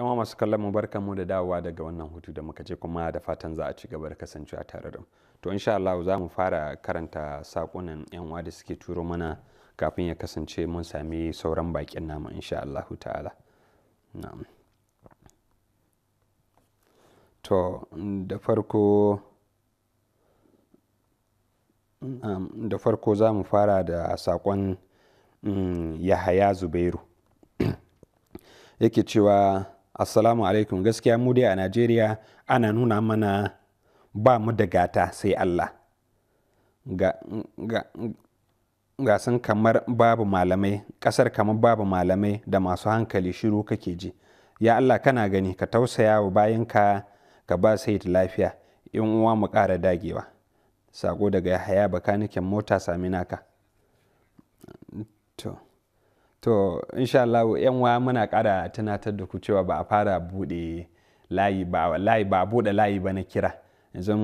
yan wa masu kallon mu mu da dawowa daga wannan hutu da muka je kuma da fatan za a ci gaba da kasancewa tare da mu to insha Allah za mu fara karanta sakonan yan uwa da suke turo mana kafin ya kasance mun sami sauran bakin namu insha Allah ta'ala na'am to da farko da farko za mu fara da sakon mm, yahaya zubairu yake cewa assalamu alaikum gaskiya mu dai a najeriya ana nuna mana ba mu da gata sai allah ga sun kamar babu malamai kasar kamar babu malamai da masu hankali shiru kake ji ya allah kana gani ka tausaya wa bayanka ka ba sai lafiya in uwa mu ƙara dagewa sako daga haya bakanikin mota sami naka to insha Allah yan wa muna kara tunatar da ku cewa ba a fara bude layi ba layi ba bude layi ba na kira yanzu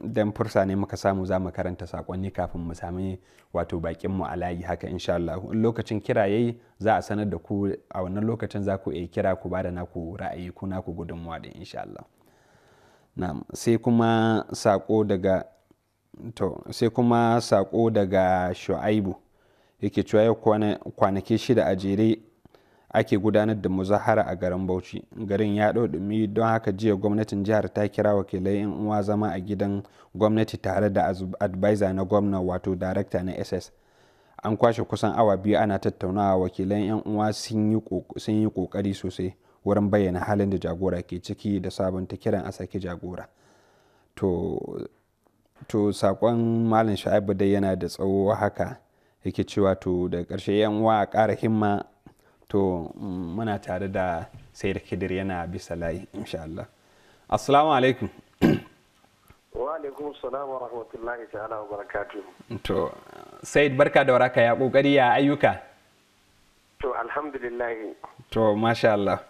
dan fursa ne muka samu za mu karanta sakonni kafin mu sami wato bakin mu a layi haka insha Allah in lokacin kira yayi za a sanar da ku a wannan lokacin za ku yi kira ku bada naku ra'ayi ku naku gudunmuwa da insha Allah na'am sai kuma sako daga to sai kuma sako daga Shu'aibu yake cewa yau kwanaki shida a jere ake gudanar da muzahara a garin bauchi garin ya ɗumi don haka jiya gwamnatin jihar ta kira wakilai yan uwa zama a gidan gwamnati tare da advisor na gwamna wato director na ss an kwashe kusan awa biyu ana tattaunawa wakilan yan uwa sun yi kokari sosai wurin bayyana halin da jagora ke ciki da sabunta kiran a sake jagora to saƙon malin malam sha'ibu dai yana da tsawo haka yake cewa to da ƙarshe yan wa ƙara himma to mm, muna tare da sai da kidir yana bisa layi insha Allah assalamu alaikum wa alaikum salam wa rahmatullahi ta'ala wa barakatuh to sai barka da waraka ya kokari ya ayyuka to alhamdulillah to masha Allah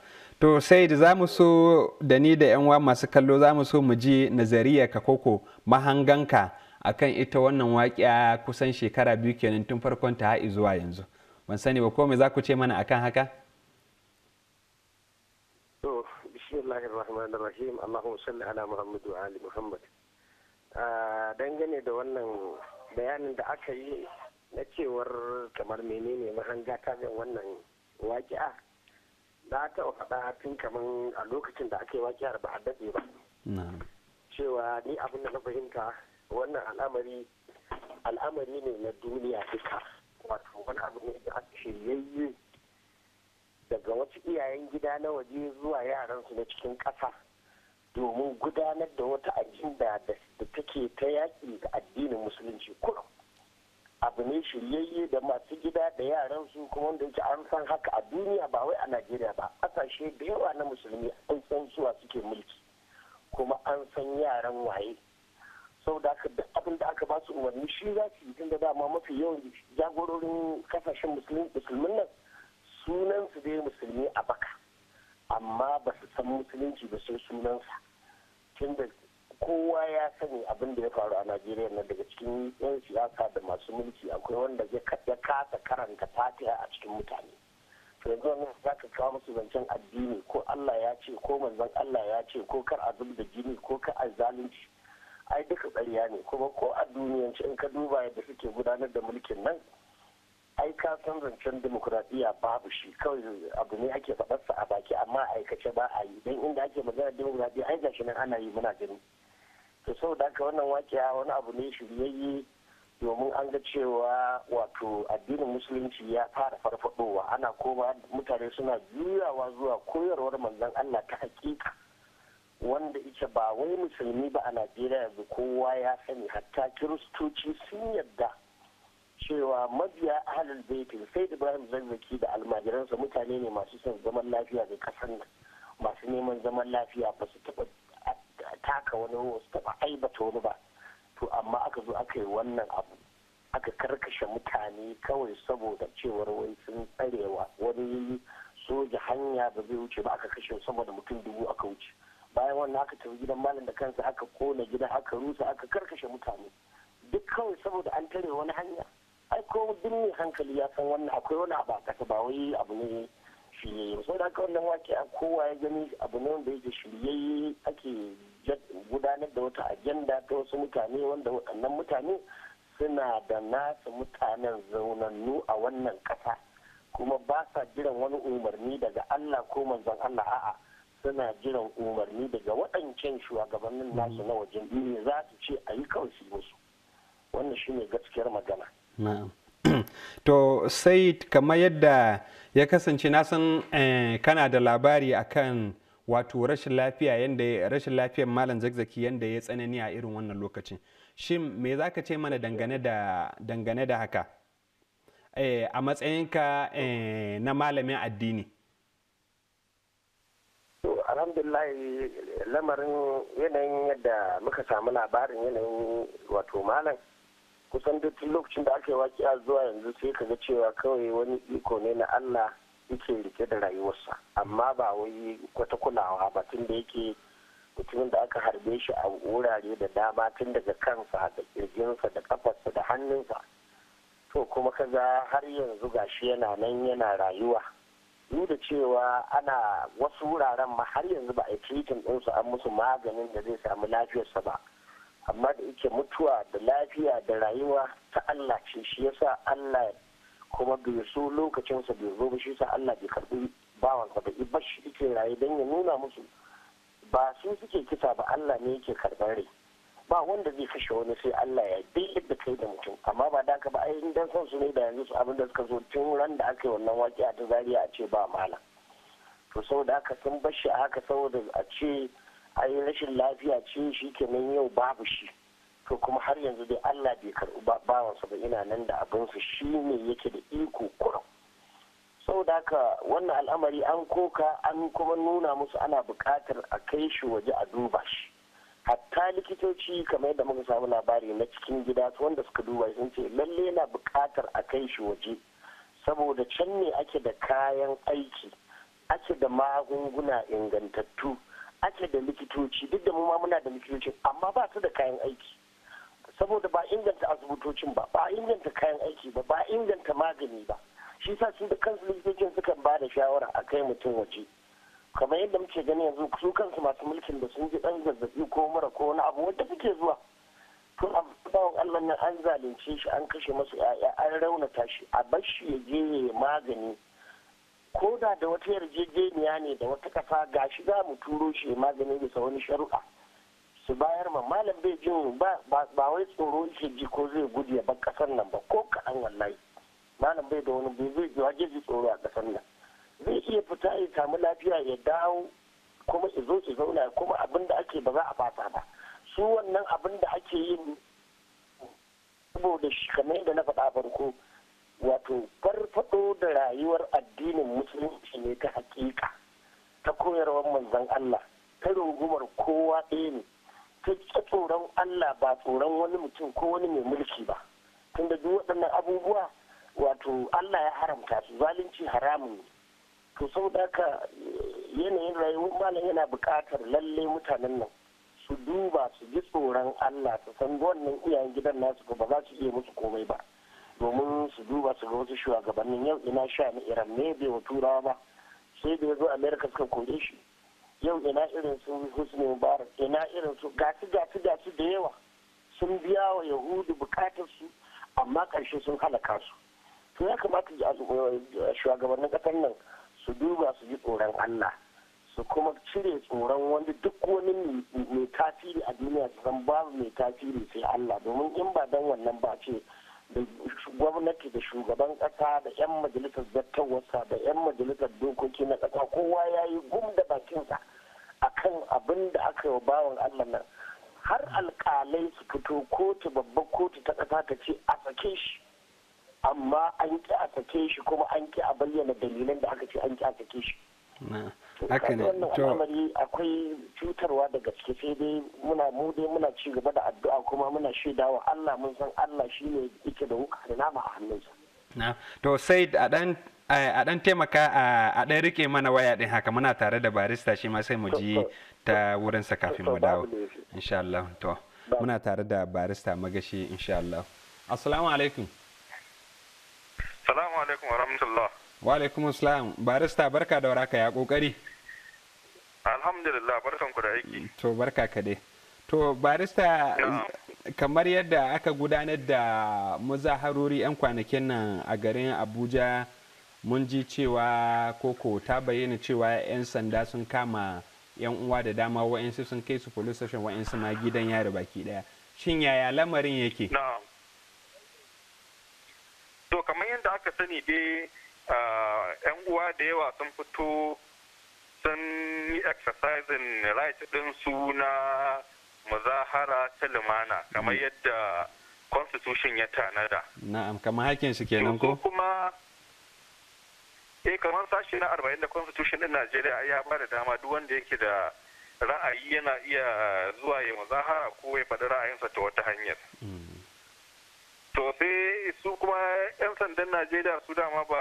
to sai za mu so da ni da yan wa masu kallo za mu so mu ji nazariya ka koko mahanganka akan ita wannan waƙiya kusan shekara biyu kenan tun farkon ta ha'i zuwa yanzu ban sani ba komai za ku ce mana akan haka to bismillahir rahmanir rahim allahumma salli ala muhammad wa ali muhammad ah, dangane da wannan bayanin da aka yi na cewar kamar menene mahanga ta wannan wakiya na ta faɗa tun kamar a lokacin da aka yi waƙiyar ba a daɗe ba cewa ni abin da na fahimta wannan al'amari al'amari ne na duniya duka wato wani abu ne da aka shiryayye daga wasu iyayen gida na waje zuwa yaransu na cikin ƙasa domin gudanar da wata ajinda da take ta yaƙi da addinin musulunci kuma abu ne shiryayye da masu gida da yaran su kuma wanda yake an san haka a duniya ba wai a najeriya ba ƙasashe da yawa na musulmi an san suwa suke mulki kuma an san yaran waye saboda haka duk abin da aka ba su umarni shi za su yi tun da dama mafi yawan jagororin kasashen musulmin nan sunansu dai musulmi a baka amma ba su san musulunci ba sai sunansa tun da kowa ya sani abin da ya faru a najeriya na daga cikin yan siyasa da masu mulki akwai wanda ya kasa karanta fatiha a cikin mutane to yanzu wani za ka kawo masu zancen addini ko allah ya ce ko manzon allah ya ce ko kar a zub da jini ko kar a zalunci ai duka tsariya ne kuma ko a duniyance in ka duba yadda suke gudanar da mulkin nan ai ka san zancen demokuraɗiyya babu shi kawai abu ne ake faɗarsa a baki amma aikace ba a yi don inda ake magana demokuraɗiyya ai gashi nan ana yi muna gani to saboda haka wannan wakiya wani abu ne shiryayye domin an ga cewa wato addinin musulunci ya fara farfaɗowa ana koma mutane suna juyawa zuwa koyarwar manzon Allah ta hakika wanda ita ba wai musulmi ba a najeriya yanzu kowa ya sani hatta kiristoci sun yadda cewa mabiya halin baitin sai ibrahim zazzaki da almajiransa mutane ne masu son zaman lafiya da kasan nan masu neman zaman lafiya ba su taɓa taka wani wasu taba aibata wani ba to amma aka zo aka yi wannan abu aka karkashe mutane kawai saboda cewar wai sun tsarewa wani soja hanya ba zai wuce ba aka kashe saboda mutum dubu aka wuce bayan wannan aka tafi gidan malam da kansa aka kona gidan aka rusa aka karkashe mutane duk kawai saboda an tare wani hanya ai ko duk mai hankali ya san wannan akwai wani abu a kasa ba wai abu ne shiryayye sau da wannan wake a kowa ya gani abu ne wanda yake shiryayye ake gudanar da wata ajanda ta wasu mutane wanda waɗannan mutane suna da nasu mutanen zaunannu a wannan kasa kuma ba sa jiran wani umarni daga Allah ko manzon Allah a'a suna jiran umarni daga waɗancan shugabannin nasu na wajen ne za su ce a yi kawai su musu wannan ne gaskiyar magana to sai kamar yadda ya kasance na san eh, kana da labari akan wato rashin lafiya yadda rashin lafiyar malam zakzaki yadda ya tsanani a irin wannan lokacin shin me za ka ce mana dangane da haka eh, a matsayinka eh, na malamin addini alhamdulillah lamarin yanayin yadda muka samu labarin yanayin wato malam kusan duk lokacin da aka yi waƙiya zuwa yanzu sai ka ga cewa kawai wani iko ne na allah yake rike da rayuwarsa amma ba wai kwata kulawa ba tun da yake mutumin da aka harbe shi a wurare da dama tun daga kansa da kirjinsa da kafarsa da hannunsa to kuma kaga har yanzu gashi yana nan yana rayuwa duk da cewa ana wasu wuraren ma har yanzu ba a treating ɗinsu an musu maganin da zai samu lafiyarsa ba amma da yake mutuwa da lafiya da rayuwa ta Allah ce shi yasa Allah kuma bai so lokacinsa bai zo ba shi yasa Allah bai karɓi bawansa ba shi yake raye don ya nuna musu ba su suke kisa ba Allah ne yake karɓar rai ba wanda zai kashe wani sai Allah ya dai yadda kai da mutum amma ba da ba ai dan son su ne da yanzu su abin da suka zo tun ran da aka yi wannan waki a ta zariya a ce ba malam to saboda haka sun bar shi a haka saboda a ce ai rashin lafiya ce shi ke nan yau babu shi to kuma har yanzu dai Allah bai karɓi bawansa ba ina nan da su shi ne yake da iko kurum saboda haka wannan al'amari an koka an kuma nuna musu ana buƙatar a kai shi waje a duba shi hatta likitoci kamar yadda muka samu labari na cikin gida wanda suka duba sun ce lalle yana bukatar a kai shi waje saboda can ne ake da kayan aiki ake da magunguna ingantattu ake da likitoci duk da mu ma muna da likitoci amma ba su da kayan aiki saboda ba inganta asibitocin ba ba inganta kayan aiki ba ba inganta magani ba shi sa su da kansu likitocin suka ba da shawara a kai mutum waje kamar yadda muke gani yanzu su kansu masu mulkin da sun ji dan zazzabi ko mara ko wani abu wanda suke zuwa tun a bawan allah nan an zalunce shi an kashe masu ya'ya an raunata shi a bar shi ya je ya magani ko da da wata yarjejeniya ne da wata kasa gashi za mu turo shi ya magani bisa wani sharuɗa su bayar ma malam bai jin ba wai tsoro yake ji ko zai gudu ya bar kasar nan ba ko kaɗan wallahi malam bai da wani bai zai ji tsoro a kasar nan zai iya fita ya samu lafiya ya dawo kuma su su zauna kuma abin da ake ba za a fasa ba su wannan abin da ake yin saboda shi kamar yadda na faɗa farko wato farfaɗo da rayuwar addinin musulunci ne ta hakika ta koyarwar manzon Allah ta rungumar kowa ɗaya ne ta tsoron Allah ba tsoron wani mutum ko wani mai mulki ba tunda duk waɗannan abubuwa wato Allah ya haramta su zalunci haramun ne to saboda haka yanayin rayuwar malam yana bukatar lalle mutanen nan su duba su ji tsoron Allah su san wannan iyayen gidan nasu ba za su iya musu komai ba domin su duba su ga wasu shugabannin yau ina sha ni iran ne bai wa turawa ba sai da ya zo america suka kore shi yau ina irin su husni mubarak ina irin su gasu gasu gasu da yawa sun biya wa yahudu bukatar su amma karshe sun halaka su to ya kamata shugabannin ƙasar nan su duba su yi tsoron Allah su kuma cire tsoron wanda duk wani mai tasiri a duniya su san babu mai tasiri sai Allah domin in ba dan wannan ba ce da gwamnati da shugaban kasa da 'yan majalisar dattawarsa da 'yan majalisar dokoki na kasa kowa ya yi gum da bakinsa akan abin da aka yi bawan Allah nan har alkalai su fito kotu babbar kotu ta kasa ta ce a sake shi amma an ki a sake shi kuma an ki a bayyana dalilan da aka ce an ki a sake shi haka ne akwai cutarwa daga gaske sai dai muna mu dai muna ci gaba da addu'a kuma muna shaidawa Allah mun san Allah shine yake da wuka da nama a hannunsa na to sai a dan a dan taimaka a dan rike mana waya din haka muna tare da barista shi ma sai mu ji ta wurinsa kafin mu dawo insha Allah to muna tare da barista magashi insha Allah assalamu alaikum alaikum wa rahmatullah. Wa alaikum salam. Barista barka da waraka ya kokari. Alhamdulillah barkan ku da aiki. To barka ka dai. To barista kamar yadda aka gudanar da muzaharori 'yan kwanakin nan a garin Abuja mun ji cewa koko ta bayyana cewa 'yan sanda sun kama 'yan uwa da dama wa'yansu sun kai su police station wa'yansu ma gidan yari baki daya. Shin yaya lamarin yake? Na'am. sani dai yan uwa da yawa sun fito sun yi exercising right su na muzahara ta lumana kamar mm. yadda constitution ya tanada. Na'am, kamar hakin su kenan ko? kuma eh kamar sashi na 40 da constitution din Najeriya ya ba da dama duk wanda yake da ra'ayi yana iya zuwa ya muzahara ko ya faɗi ra'ayinsa ta wata hanyar. Mm. to sai su kuma 'yan sandan najeriya su dama ba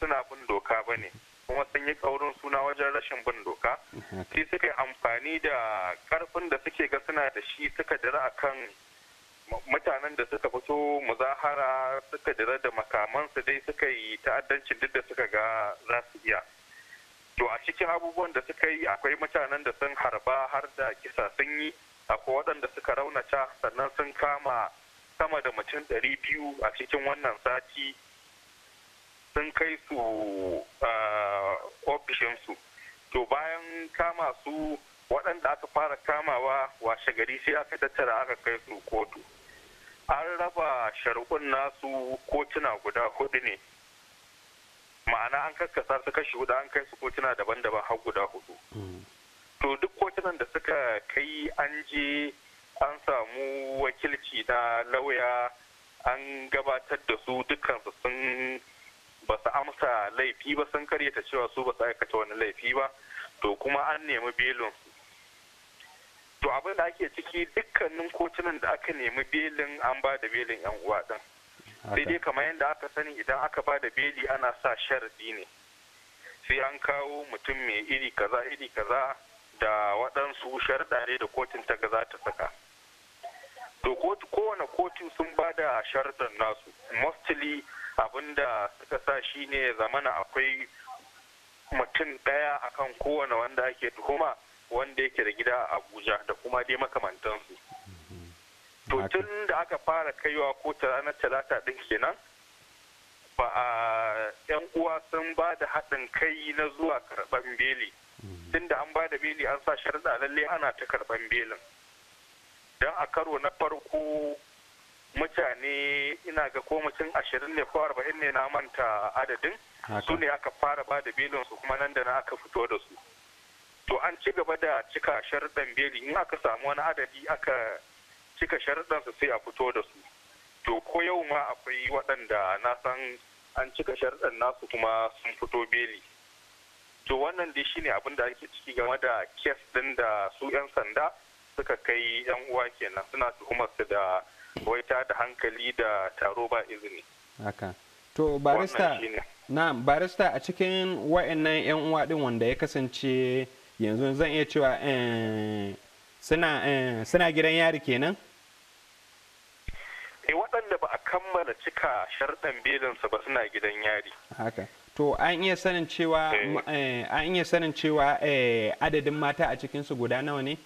suna bin doka ba ne kuma sun yi kaurin suna wajen rashin bin doka sai suka amfani da karfin da suke ga suna da shi suka dira a kan mutanen da suka fito muzahara suka dira da makamansu dai suka yi ta'addancin duk da suka ga za su iya to a cikin abubuwan da suka yi akwai mutanen da sun harba har da kisa sun yi akwai waɗanda suka raunata sannan sun kama sama da mutum ɗari biyu a cikin wannan sati sun kai su ofishinsu to bayan kama su waɗanda aka fara kamawa washe gari sai aka tattara aka kai su kotu an raba shari'un nasu kotuna guda hudu ne ma'ana an kaskasa su kashi hudu an kai su kotuna daban-daban har guda hudu hmm. to duk kotunan da suka kai an je samu wakilci na lauya an gabatar da su su sun ba su amsa laifi ba sun karyata cewa su ba su aikata wani laifi ba to kuma an nemi belin to abin da ake ciki dukkanin kotunan da aka nemi belin an ba da belin yan uwa din sai dai kamar yadda aka sani idan aka ba da beli ana sa sharadi ne sai an kawo mutum mai iri kaza iri kaza da waɗansu sharda ne da kotun ta ga za ta saka to kowane kotu sun ba da sharɗan nasu mostly abinda suka sa shi ne zamana akwai mutum ɗaya akan kowane wanda ake tuhuma wanda yake da gida a abuja da kuma dai makamantansu mm-hmm. to tun da aka fara kaiwa ta ranar talata ɗin kenan ba a 'yan uwa sun ba da haɗin kai na zuwa karɓan beli mm-hmm. tun da an ba da beli an sa sharaɗa lalle ana ta karɓar belin don a karo na farko mutane ina ga ko mutum ashirin ne ko arba'in ne na manta adadin su ne aka fara ba da belin su kuma nan da na aka fito da su to an ci gaba da cika sharuɗan beli in aka samu wani adadi aka cika sharuɗan su sai a fito da su to ko yau ma akwai waɗanda na san an cika sharuɗan nasu kuma sun fito beli to wannan dai shine abin da ake ciki game da kes ɗin da su 'yan sanda suka kai yan uwa kenan suna tuhumar su da waita da hankali da taro ba izini haka to barista na barista a cikin wa'annan yan uwa din wanda ya kasance yanzu zan iya cewa eh, suna eh, suna gidan yari kenan e waɗanda ba a kammala cika sharɗan belinsa ba suna gidan yari haka to an iya sanin cewa an iya sanin cewa adadin mata a cikinsu guda nawa ne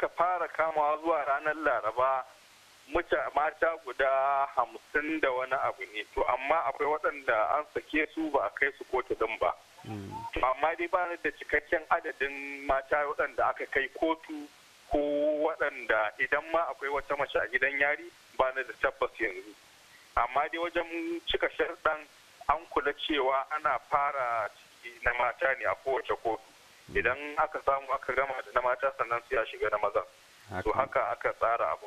aka fara kamawa zuwa ranar laraba mata guda hamsin da wani abu ne to amma akwai waɗanda an sake su ba a kai su kotu din ba to amma dai ba ni da cikakken adadin mata waɗanda aka kai kotu ko waɗanda idan ma akwai wata mace a gidan yari ba ni da tabbas yanzu amma dai wajen cika sharɗan an kula cewa ana fara ciki na mata ne a kowace kotu idan aka samu aka gama da na mata sannan sai a shiga na maza to haka aka tsara abu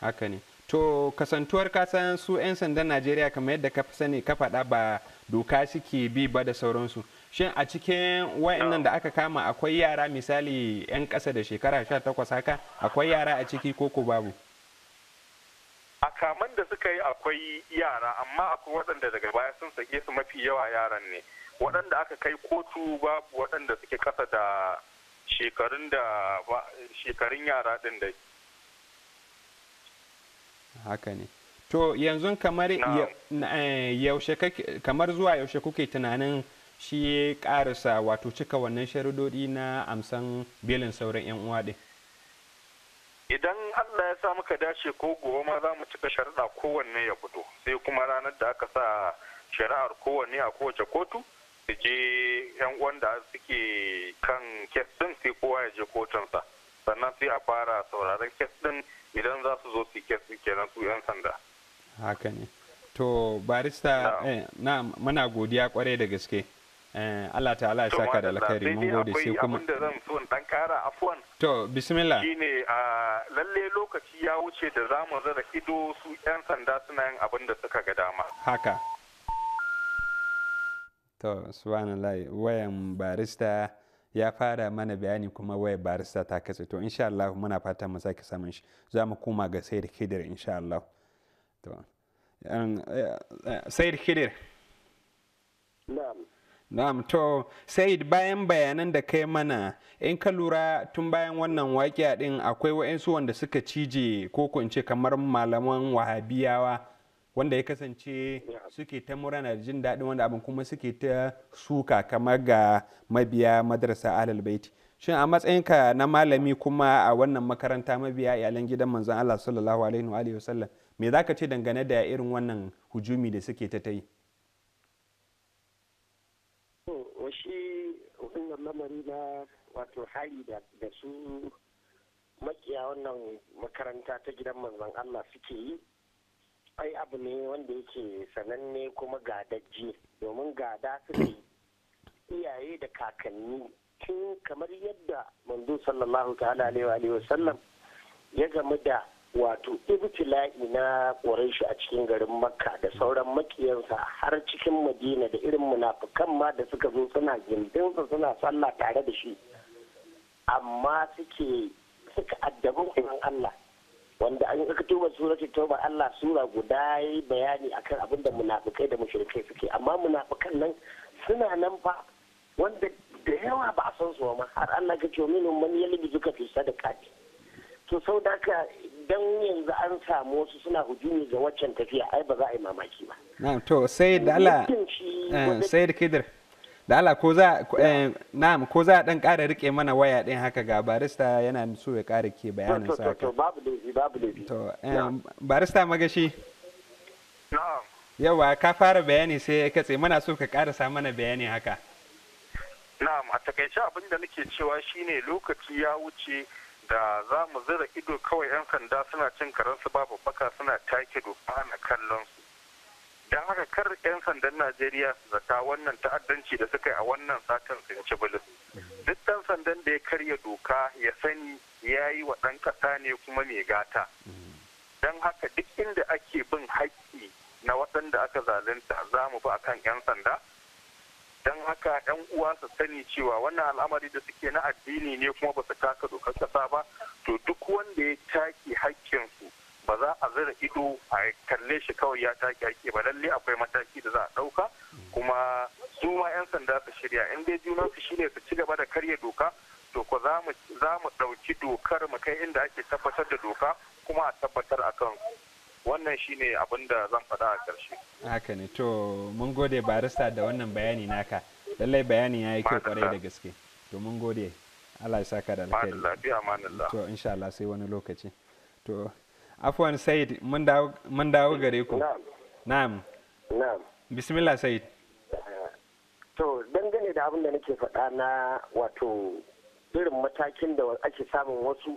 haka ne to kasantuwar kasan su 'yan sandan najeriya kamar yadda ka sani ka faɗa ba doka suke bi ba da sauransu shin a cikin wa'annan da aka kama akwai yara misali 'yan ƙasa da shekara 18 haka akwai yara a ciki ko ko babu a kaman da suka yi akwai yara amma akwai waɗanda daga baya sun sake su mafi yawa yaran ne waɗanda aka kai kotu babu waɗanda suke kasa da shekarun da shekarun yara ɗin dai haka ne to yanzu kamar eh, yaushe kamar zuwa yaushe kuke tunanin shi ya karasa wato cika wannan sharidodi na amsan belin sauran 'yan uwa ɗin idan allah ya sa muka dace ko gobe ma za mu cika shari'a kowanne ya fito sai kuma ranar da aka sa shari'ar kowanne a kowace kotu je yan uwan da suke kan kes din sai kowa ya je kotun sa sannan sai a fara sauraron kes din idan za su zo su kes din kenan su yan sanda haka ne to barista na eh, muna godiya kwarai da gaske eh, Allah ta'ala ya saka da alkhairi mun gode sai kuma abin da zan so dan kara afwan to bismillah shine a lalle lokaci ya wuce da zamu zara ido su yan sanda suna yin abin da suka ga dama haka To, subhanallah wayan barista ya fara mana bayani kuma wayan barista ta katse. To, insha Allah muna fatan mu sake samun shi. Za mu koma ga Sayyid Khidir insha Allah. To, eh, eh, Sayyid Khidir. Na'am. Na'am to Said bayan bayanan da kai mana in ka lura tun bayan wannan waƙiya din akwai wa'insu wanda suka cije ko ko in ce kamar malaman wahabiyawa wanda ya kasance suke ta murana da jin daɗin wanda abin kuma suke ta suka kamar ga mabiya madrasa alal baiti shin a matsayinka na malami kuma a wannan makaranta mabiya iyalan gidan manzon Allah sallallahu alaihi wa alihi wasallam me zaka ce dangane da irin wannan hujumi da suke ta yi shi wannan lamari na wato hali da su makiya wannan makaranta ta gidan manzon Allah suke yi ai abu ne wanda yake sananne kuma gadajje domin gada suke iyaye da kakanni tun kamar yadda manzo sallallahu ta'ala alaihi wa sallam ya gamu da wato ibtila'i na shi a cikin garin makka da sauran makiyansa har cikin madina da irin munafukan ma da suka zo suna gindinsa suna sallah tare da shi amma suke suka addabi Allah wanda an ka tuba suratul tauba Allah sura guda yi bayani akan abin da munafikai da mushrikai suke amma munafikan nan suna nan fa wanda da yawa ba a san su ma har Allah ka ce minhum man yalbi zuka fi sadaka to sau da ka dan yanzu an samu wasu suna hujumi ga waccan tafiya ai ba za a yi mamaki ba na'am to sai da Allah sai da kidir da ala ko za eh, na'am ko za dan kara rike mana waya din haka ga barista yana so ya ƙara ke bayanin sa to babu laifi babu laifi to eh, barista magashi na'am yawa ka fara bayani sai ya katse muna so ka ƙarasa mana bayani haka na'am a takaice abin da nake cewa shine lokaci ya wuce da za mu zira ido kawai 'yan sanda suna cin karansu babu baka suna take doka na kallon su. don haka kar 'yan sandan najeriya su zata wannan ta'addanci da suka yi a wannan satin sun ci bulus duk ɗan sandan da ya karya doka ya sani ya yi wa ɗan ƙasa ne kuma mai gata don haka duk inda ake bin haƙƙi na waɗanda aka zalunta za mu bi akan 'yan sanda don haka 'yan uwa su sani cewa wannan al'amari da suke na addini ne kuma ba su taka dokar ƙasa ba to duk wanda ya take haƙƙinsu ba za a zira ido a kalle shi kawai ya take ake ba lalle akwai mataki da za a ɗauka kuma su ma 'yan sanda su shirya in dai juna su shine su ci gaba da karya doka to ko za mu ɗauki dokar mu kai inda ake tabbatar da doka kuma a tabbatar akan wannan shine abin da zan faɗa a ƙarshe. haka ne to mun gode barista da wannan bayani naka lallai bayanin ya yi kyau kwarai da gaske to mun gode Allah ya saka da alkhairi to insha Allah sai wani lokaci to afuwan said mun dawo gare ku na'am na'am bismillah said to dangane da abin da nake faɗa na wato irin matakin da ake samun wasu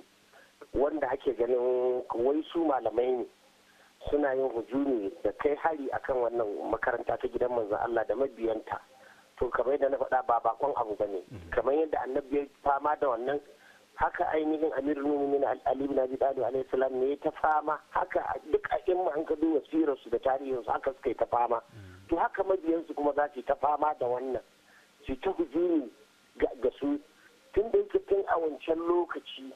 wanda ake ganin wai su malamai ne suna yin hujumi da kai hari akan wannan makaranta ta gidan manzon Allah da mabiyanta to kamar yadda na faɗa ba bakon abu ba ne mm-hmm. kamar yadda annabi ya fama da wannan haka ainihin amir mumin ali ibn abi talib alayhi salam ne ta fama haka duk a in an ka duba su da tarihinsu haka suka ta fama to haka su kuma za su ta fama da wannan su ta hujumi ga su tun da yake tun a wancan lokaci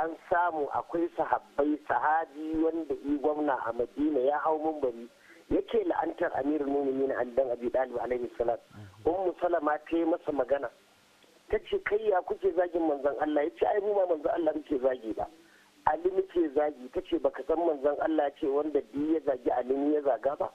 an samu akwai sahabbai sahabi wanda yi gwamna a madina ya hau mumbari yake la'antar amir mumin ali dan abi talib alayhi salam mm. ummu salama ta yi masa magana ta ce kai ya kuke zagin manzon Allah ya ce ai mu ba manzon Allah muke zagi ba Ali muke zagi ta ce baka san manzon Allah ce wanda bi ya zagi Ali ya zaga ba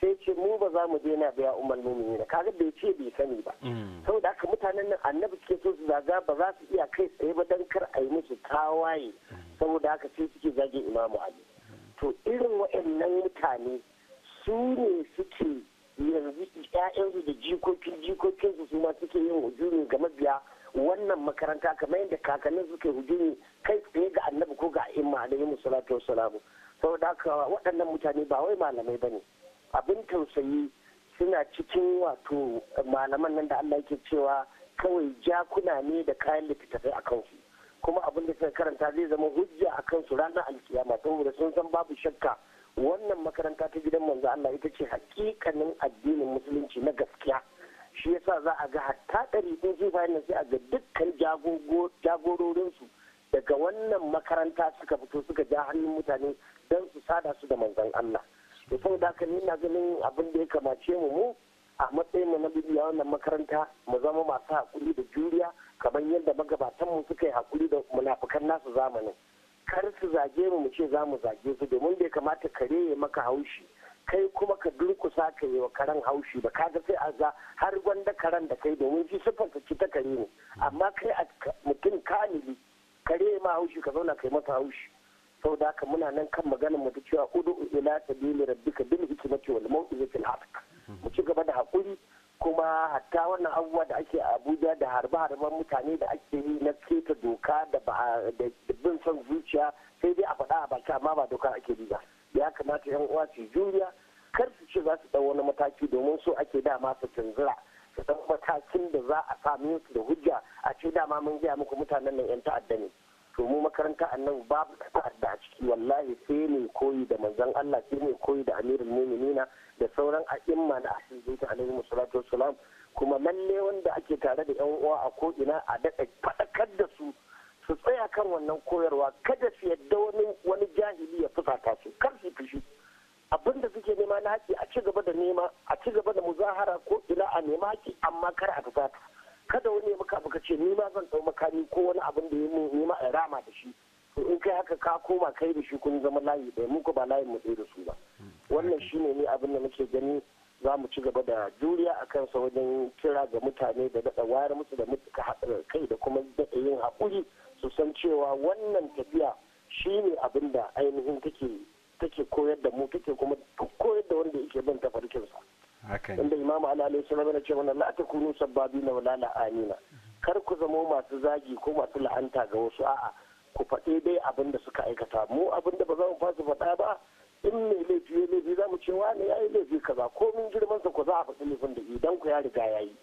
sai ce mu ba za mu daina biya umar mumini kaga bai ce bai sani ba mm. saboda haka mutanen nan annabi suke so su zaga ba za su iya kai tsaye ba dan kar a yi musu tawaye saboda haka sai suke zagin imamu ali to irin waɗannan mutane su ne suke yanzu ya'yansu da jikokin jikokinsu su ma suke yin hujumi ga mabiya wannan makaranta kamar yadda kakannin suke hujumi kai tsaye ga annabi ko ga imma salatu wa salamu saboda haka waɗannan mutane ba wai malamai ba ne abin tausayi suna cikin wato malaman nan da Allah yake cewa kawai jakuna ne da kayan littattafai a kansu kuma abin da suka karanta zai zama hujja a kansu ranar alkiyama saboda sun san babu shakka wannan makaranta ta gidan manzo Allah ita ce hakikanin addinin musulunci na gaskiya shi yasa za a ga hatta ɗari ɗin jifayen nan sai a ga dukkan jagororinsu daga wannan makaranta suka fito suka ja hannun mutane don su sada su da manzon Allah to saboda haka ni na ganin abin da ya kamace mu mu a matsayin mu na bibiya wannan makaranta mu zama masu hakuri da juriya kamar yadda magabatanmu suka yi hakuri da munafukan nasu zamanin kar su zage mu mu ce za mu zage su domin bai kamata kare ya maka haushi kai kuma ka durkusa ka yi wa karen haushi ba kaga sai a za har gwanda karen da kai domin shi siffarsa ci ta kare ne amma kai a mutum kamili kare ya ma haushi ka zauna kai masa haushi sau da haka muna nan kan maganar mu ta cewa udu ila sabili rabbika bil hikmati wal mau'izati al mu ci gaba da hakuri kuma hatta wannan abubuwa da ake abuja da harba harben mutane da ake yi na keta doka da bin son zuciya sai dai a faɗa a baki amma ba doka ake bi ba ya kamata yan uwa su juriya kar su ce za su ɗau wani mataki domin so ake dama su tunzura su ɗau matakin da za a sami su da hujja a ce dama mun gaya muku mutanen nan yan ta'adda ne to mu makaranta nan babu ta'adda a ciki wallahi sai ne koyi da manzon Allah sai ne koyi da amirul mu'minina da sauran a'imma da ahlul bait alaihi wassalatu wassalam kuma lalle wanda ake tare da yan uwa a ko ina a daɗa faɗakar da su su tsaya kan wannan koyarwa kada su yadda wani wani jahili ya fusata su kar su fushi abinda suke nema na haƙi a ci gaba da nema a ci gaba da muzahara ko ina a nema haƙi amma kar a fusata kada wani ya maka baka ce ni ma zan dau makami ko wani abin da ya ni ma in rama da shi to in kai haka ka koma kai da shi kun zama layi ɗaya mu ko ba layin mu ɗaya da su ba wannan shine ne abin da muke gani za mu ci gaba da juriya a kansa wajen kira ga mutane da daɗa wayar musu da mutuka haɗar kai da kuma daɗa yin haƙuri su san cewa wannan tafiya shine ne abin da ainihin take koyar da mu take kuma koyar da wanda yake bin tafarkinsa wanda imamu ala alaihi salam yana ce mana la takunu na walala amina kar ku zamo masu zagi ko masu la'anta ga wasu a'a ku faɗe dai abin da suka aikata mu abin da ba za mu fasa faɗa ba in mai laifi ya laifi za mu ce wani ya yi laifi kaza ko min girman sa ku za a faɗi laifin da idan ku ya riga ya yi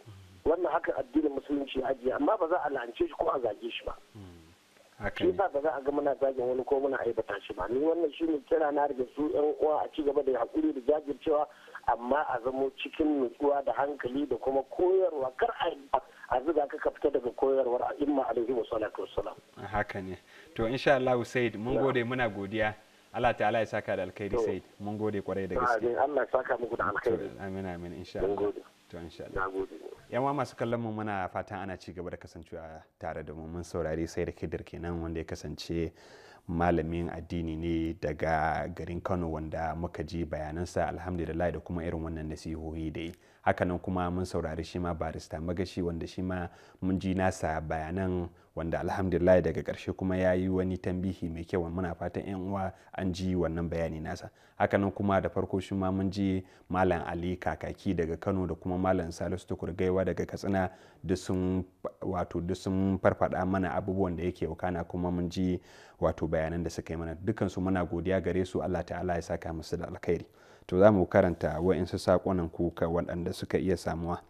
wannan haka addinin musulunci ya ajiye amma ba za a la'ance shi ko a zage shi ba hmm. shi sa ba za a ga muna zagin wani ko muna aibata shi ba ni wannan shi ne kira na rage su yan uwa a ci gaba da hakuri da jajircewa amma a zamo cikin nutsuwa da hankali da kuma koyarwa kar a a zuga ka ka fita daga koyarwar a imma alaihi wa salatu wassalam haka ne to insha Allah Usaid mun gode muna godiya Allah ta'ala ya saka da alkhairi Said mun gode kwarai da gaske Allah ya saka muku da alkhairi amin amin insha Allah to insha Allah yan wa masu kallon mu muna fatan ana ci gaba da kasancewa tare da mu mun saurari sai da kidir kenan wanda ya kasance malamin addini ne daga garin kano wanda muka ji bayanansa alhamdulillah da kuma irin wannan nasihohi da yi hakanan kuma mun saurari shi ma barista magashi wanda shi ma mun ji nasa bayanan wanda alhamdulillah daga karshe kuma ya yi wani tambihi mai kyau muna fatan yan uwa an ji wannan bayani nasa hakanan kuma da farko shi ma mun ji malam ali kakaki daga kano da kuma malam salisu tukur gaiwa daga katsina sun wato farfada mana abubuwan da yake wakana kuma mun ji wato bayanan da suka yi mana dukansu muna godiya gare su allah ta'ala ya saka musu da alkhairi to za mu karanta wa'insu saƙonan kuka waɗanda suka iya samuwa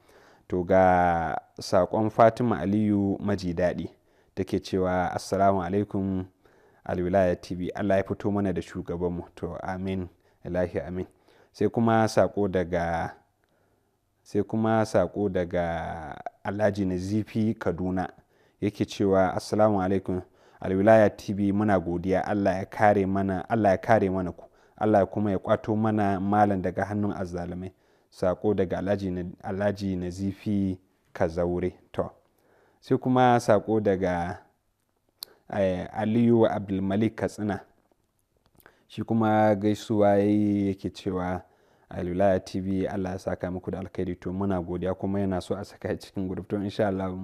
to ga saƙon fatima aliyu maji daɗi take cewa assalamu alaikum alwilaya tv allah ya fito mana da shugabanmu to amin ilahi amin sai kuma saƙo daga sai kuma saƙo daga alhaji nazifi kaduna yake cewa assalamu alaikum alwilaya tv muna godiya allah ya kare mana allah ya kare mana ku allah kuma ya kwato mana malam daga hannun azzalumai sako daga alhaji nazifi kazaure to sai kuma sako daga eh, aliyu abdulmalik katsina shi kuma gaisuwa yake cewa a lulaya tv allah ya saka muku da alkhairi to muna godiya kuma yana so a saka cikin gurup to insha allah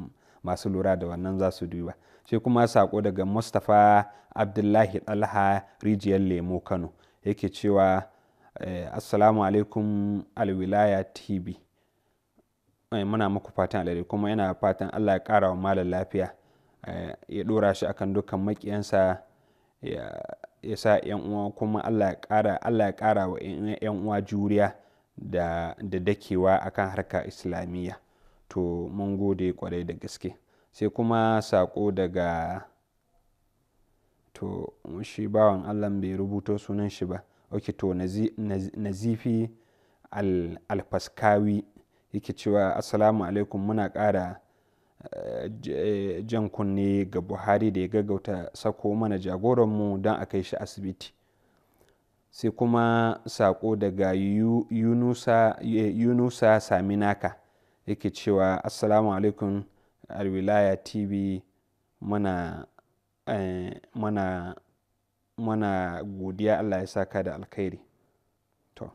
masu lura da wannan za su duba sai kuma sako daga mustapha abdullahi talha rijiyar lemo kano yake cewa eh, assalamu alaikum alwilaya tv eh, muna muku fatan alheri kuma yana fatan allah ya kara wa malar lafiya eh, ya dora shi akan dukkan makiyansa ya sa yan uwa kuma allah ya kara allah ya kara wa yan uwa juriya da dakewa akan harka islamiyya to mun gode kwarai da gaske sai kuma sako daga to shi bawan allah bai rubuto sunan shi ba ok to nazifi alfaskawi yake cewa assalamu alaikum muna ƙara eh, eh, jan kunne ga buhari da ya gaggauta sako mana jagoranmu don a kai shi asibiti sai kuma sako daga eh, yunusa saminaka yake cewa assalamu alaikum alwilaya tv muna Eh, muna godiya Allah ya saka da alkhairi to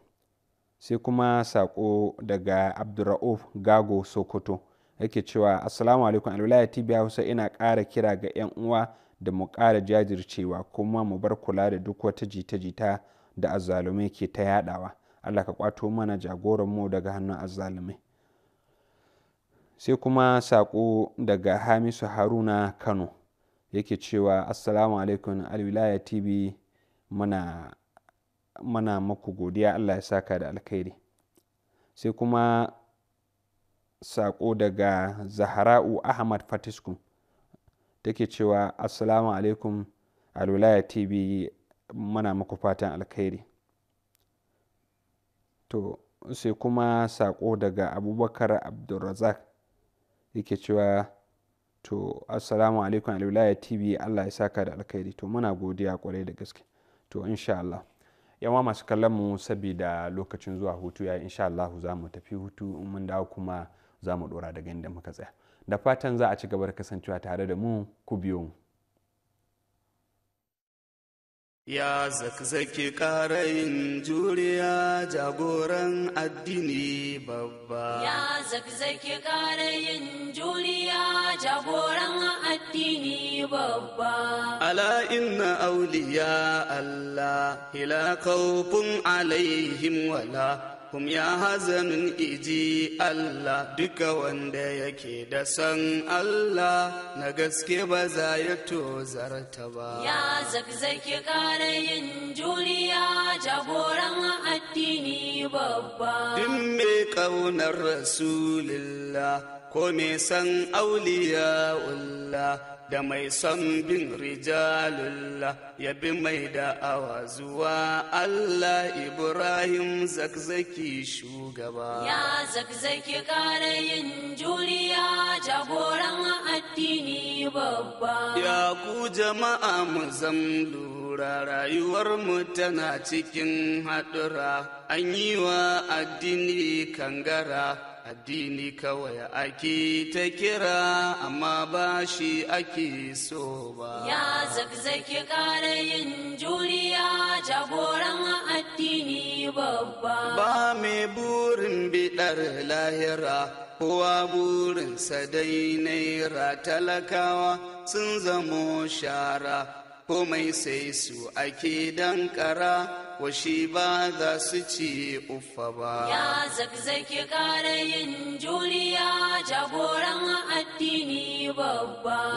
sai kuma sako daga abdurra'uf gago sokoto yake cewa assalamu alaikum alwilaya tv hausa ina ƙara kira ga 'yan uwa da mu ƙara jajircewa kuma mu bar kula da duk wata jita-jita da azzalumai ke ta yadawa allah ka kwato mana jagoran mu daga hannun azzalumai sai kuma sako daga hamisu haruna kano yake cewa assalamu alaikum alwilaya tv muna mana maku godiya allah ya saka da alkhairi sai kuma saƙo daga zahara'u ahmad fatiskum take cewa assalamu alaikum alwilaya tv muna maku fatan alkhairi to sai kuma saƙo daga abubakar abdulrazak yake cewa to assalamu alaikum alwilaya tv allah ya saka da alkhairi to muna godiya kwarai da gaske to insha allah yawa masu kallon mu sabida lokacin zuwa hutu ya insha allah za mu tafi hutu in mun dawo kuma za mu dora daga inda muka tsaya da fatan za a ci gaba da kasancewa tare da mu ku biyo mu ya zakzaki karayin juriya jagoran addini babba ya zakzaki karayin juriya jagoran addini babba ala inna auliya allah ila khawfun alaihim wala hum ya hazanin iji Allah duka wanda yake da san Allah na gaske ba za ya tozarta ba. Ya zakzaki ƙara yin juriya jagoran addini babba. din mai ƙaunar Rasulillah ko me san auliya ulla da mai son bin rijalulla ya bi mai da'awa zuwa Allah Ibrahim zakzaki shugaba. Ya zakzaki kara juriya jagoran addini babba. Ya ku jama'a mu zamlu. lura rayuwarmu tana cikin haɗura an yi wa addini kangara addini kawai ake ta kira amma ba shi ake so ba. Ya zagzaki ƙara yin juriya jagoran addini babba. Ba mai burin biɗar lahira. kowa burinsa dai naira talakawa sun zamo shara komai sai su ake dankara wa shi ba za su ci uffa ba. Ya zagzage ƙara yin juriya jagoran addini babba.